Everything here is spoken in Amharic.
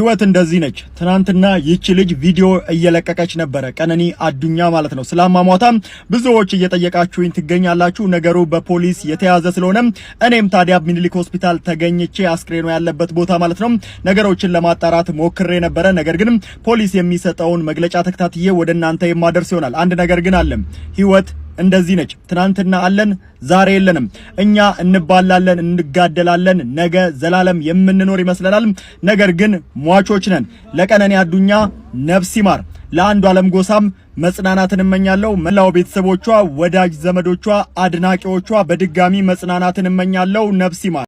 ህይወት እንደዚህ ነች። ትናንትና ይቺ ልጅ ቪዲዮ እየለቀቀች ነበረ፣ ቀነኒ አዱኛ ማለት ነው። ስለ ብዙዎች እየጠየቃችሁኝ ትገኛላችሁ። ነገሩ በፖሊስ የተያዘ ስለሆነ እኔም ታዲያ ሚኒሊክ ሆስፒታል ተገኝቼ አስክሬኑ ያለበት ቦታ ማለት ነው ነገሮችን ለማጣራት ሞክሬ ነበረ። ነገር ግን ፖሊስ የሚሰጠውን መግለጫ ተከታትዬ ወደ እናንተ የማደርስ ይሆናል። አንድ ነገር ግን አለም ህይወት እንደዚህ ነች። ትናንትና አለን፣ ዛሬ የለንም። እኛ እንባላለን፣ እንጋደላለን፣ ነገ ዘላለም የምንኖር ይመስለናል። ነገር ግን ሟቾች ነን። ለቀነኔ አዱኛ ነፍስ ይማር፣ ለአንዱ ዓለም ጎሳም መጽናናትን እመኛለሁ። መላው ቤተሰቦቿ፣ ወዳጅ ዘመዶቿ፣ አድናቂዎቿ በድጋሚ መጽናናትን እመኛለሁ። ነፍስ ይማር።